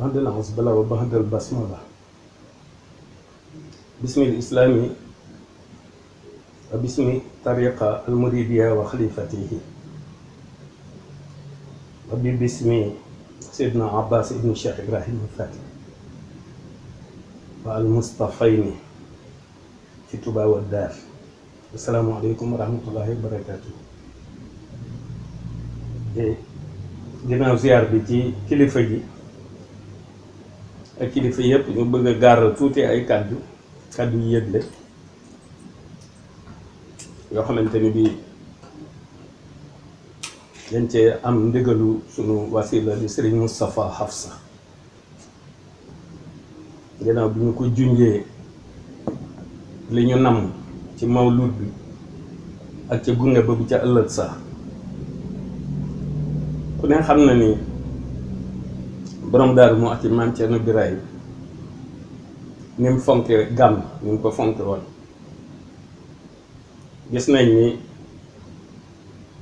بهدل الله وبهدل بسم الله باسم الإسلام وباسم طريق المريبية وخليفته وباسم سيدنا عباس بن الشيخ إبراهيم الفاتح والمصطفين في طوبى والدار السلام عليكم ورحمة الله وبركاته ginnaaw ziar bi ci kilifa gi ak kilifa yëpp ñu bëgg a gaaral tuuti ay kàddu kàddu yëgle yoo xamante ni bii dañ cee am ndigalu sunu wasila di sëriñ Moustapha Hafsa ginnaaw bi ñu ko junjee li ñu nam ci mawlud bi ak ca gunge ba bu ca ëllëg sax ku ne xam na ni borom daaru mu ak maam Cerno Biraay ni mu fonke gàmm ni mu ko fonke woon gis nañ ni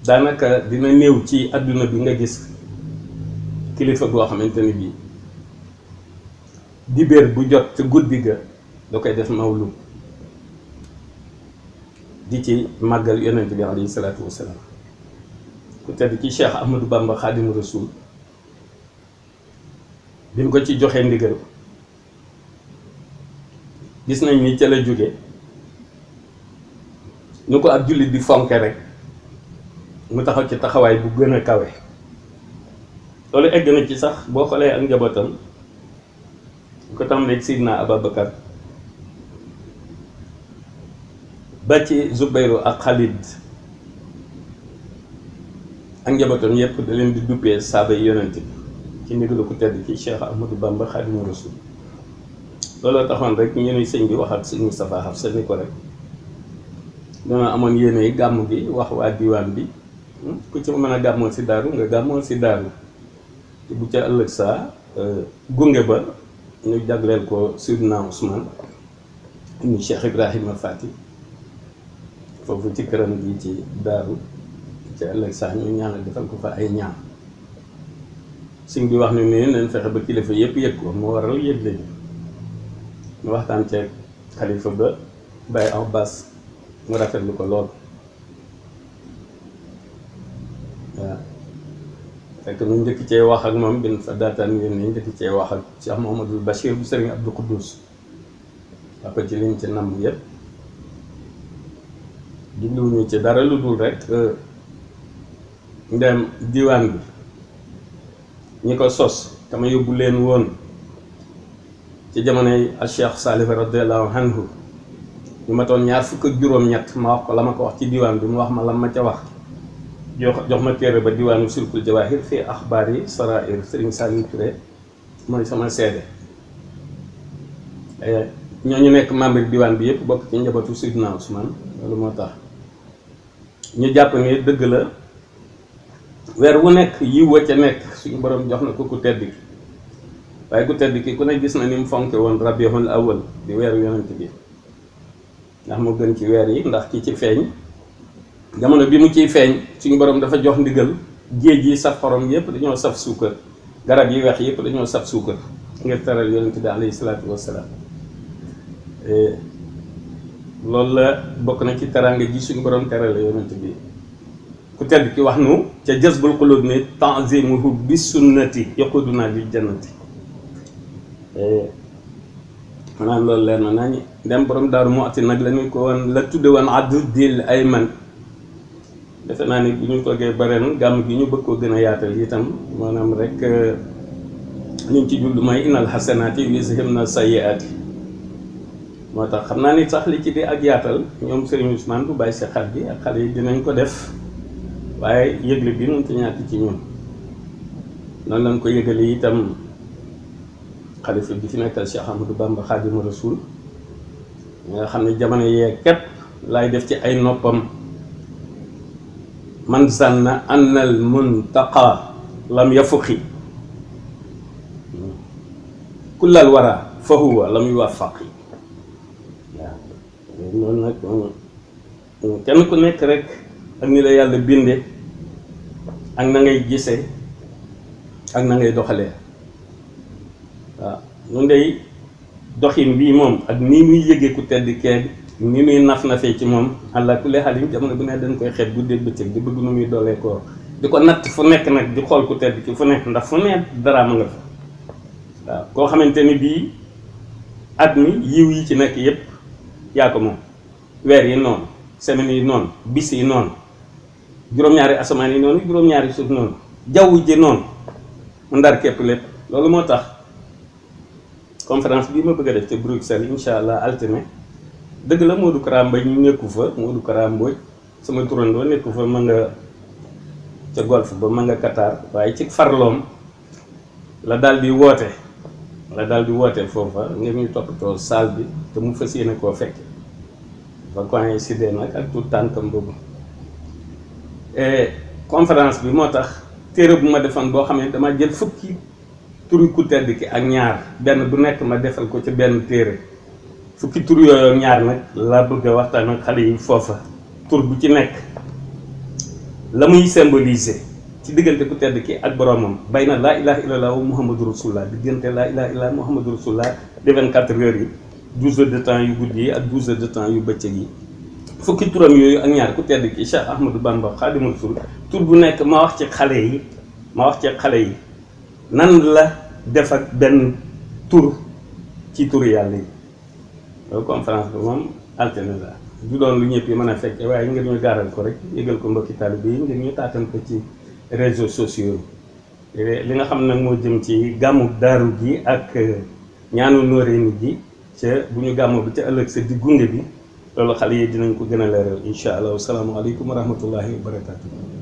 daanaka dina néew ci àdduna bi nga gis kilifa goo xamante ni bii dibéer bu jot ca guddi ga da koy def mawlu di ci màggal yonent bi alayhi salaatu wasalaam ku tedd ci cheikh bamba xaadimu rasul li mu ko ci joxee ndigal gis nañ ni ca la jóge ñu ko ab jullit di fonke rek mu taxaw ci taxawaay bu gën a kawe loolu egg na ci sax boo xoolee ak njabootam ñu ko tam rek Sidna Ababacar ba ci Zubayru ak Khalid ak njabootam yépp da leen di duppee saaba yonent bi ci ndigalu ku tedd ci cheikh ahmadou bamba xadimu rasul looloo taxoon rek ñu ne sëñ bi waxat sëñ Moustapha Hafsa ni ko rek dama amoon yéene gàmm gi wax waa diwaan bi ku ci mën a gàmmoon si daaru nga gàmmoon si daru te bu ca ëllëg saa gunge ba ñu jagleel ko Seydina Ousmane ñu Cheikh Ibrahima Fati foofu ci këram gi ci daru ca ëllëg saa ñu ñaanal defal ko fa ay ñaan sëñ bi wax ne ne nañ fexe ba kilifa yëpp yëg ko moo waral yëg lañu ñu waxtaan ceeg xalifa ba Baye Abbas mu rafetlu ko lool waaw fekk ñu njëkk cee wax ak moom bin fa daataan ngeen ni njëkk cee wax ak Cheikh Mouhamadul Bachir bu Serigne Abdou Koudous wax ko ci liñ ci nam yëpp jubluwuñu ci dara lu dul rek euh, ndem diwaan bi ñi sos dama yóbbu leen woon ci jamonoy cheikh salih radiallahu anhu ñu matoon ñaar fukk ak juróom-ñett ma wax ko la ma ko wax ci diwaan bi mu wax ma la ma ca wax jox ma téere ba diwaanu sulkul jawahir fi axbaar sarair sëriñ salim turé mooy sama seede ñooñu eh, nekk membre diwaan bi yépp bokk ci njabatu sidna ousmane loolu moo ñu ni la weer wu nekk yiw wa ca nekk suñu boroom jox na ko ku tedd ki waaye ku tedd ki ku ne gis na ni fonke woon rabiul awal di weeru yonent bi ndax moo gën ci weer yi ndax ki ci feeñ jamono bi mu ciy feeñ suñu borom dafa jox ndigal géej yi saf xorom yépp dañoo saf suukar garab yi weex yépp dañoo saf suukar ngir taral yonent bi alayhi salaatu wassalaam eh, loolu la bokk na ci teraanga ji suñu borom teral yonent bi tedd ki wax nu ca jazbul xulub ni tanzimuhu bi sunnati yaquduna lil jannati eh, maanaam loolu leer na nañu dem boroom daaru mu ati nag la ko woon la tudde woon addu dil ay man defe naa ni bu ñu toogee bareen gàmm gi ñu bëgg koo gën a yaatal itam maanaam rek liñ eh, ci jublu mooy innal xasanaati yuzhibna sayyiaati moo tax xam naa ni sax li ci di ak yaatal ñoom Serigne Ousmane bu bàyyi si xel bi ak xale yi dinañ ko def waaye yëgle bi mënta ñàkk ci ñun noonu lañ ko yëgale itam xalifa bi fi nekkal Cheikh Amadou Bamba Xaadimu Rasuul nga xam ne jamono yee képp laay def ci ay noppam man zanna annal muntaqa lam yafuki ku wara fa huwa lam yuwafaqi waaw loolu nag kenn ku nekk rekk ak ni la yàlla binde ak na ngay gise ak na ngay doxalee waaw nu ndey doxin bii moom ak nii muy yëgee ku tedd keeg ni muy naf-nafee ci moom àlla kulli xaal yi na bu ne dañ koy xet guddeeg bëccëg di bëgg nu muy doolee di ko natt fu nekk nag di xool ku tedd ki fu nekk ndax fu nekk dara ma nga fa waaw koo xamante ni bii at mi yiw yi ci nekk yépp yaa ko moom weer yi noonu semaine yi noonu bis yi noonu juróom-ñaari asamaan yi noonu juróom-ñaari suuf noonu jaww ji noonu mu ndar képp lépp loolu moo tax conférence bii ma bëgg a def te Bruxelles incha allah altine dëgg la Modou Kara Mbaye ñu nekku fa Modou Kara Mbaye sama turandoo nekku fa ma nga ca golf ba ma nga Qatar waaye ci farloom la daal di woote la daal di woote foofa ngeen ñu toppatoo salle bi te mu fa yéene koo fekke ba coïncider nag ak tout tànkam boobu Eh, conférence bi moo tax téere bu ma defan boo xam ne dama jël fukki turu ku tedd ki ak ñaar benn bu nekk ma defal ko ci benn téere fukki tur yooyu ñaar nag laa bëgg a waxtaan ak xale yi foofa tur bu ci nekk la muy symboliser ci diggante ku tedd ki ak boroomam bay na laa ilaha illallah wa muhammadu rasulullah diggante laa ilaha illallah muhammadu rasulullah de 24 heures yi 12 heures de temps yu guddi yi ak 12 heures de temps yu bëccëg yi fukki turam yooyu ak ñaar ku tedd ki Cheikh Ahmadou Bamba Xaadimu Rasuul tur bu nekk ma wax ci xale yi ma wax ci xale yi nan la def ak benn tur ci tur yàlla yi loolu conférence bi moom altine la du doon lu ñëpp yi mën a fekke waaye ngir ñu gaaral ko rek yëgal ko mbokki taalibe yi ngir ñu taatan ko ci réseaux sociaux yi eh, li nga xam nag moo jëm ci gàmmu daaru gi ak eh, ñaanu nóoree nit gi ca bu ñu gàmmu bi ca ëllëg sa di gunge bi loolu xale yi dinañ ko gën a leeral incha allah wasalaamaaleykum wa rahmatullahi wa barakaatu.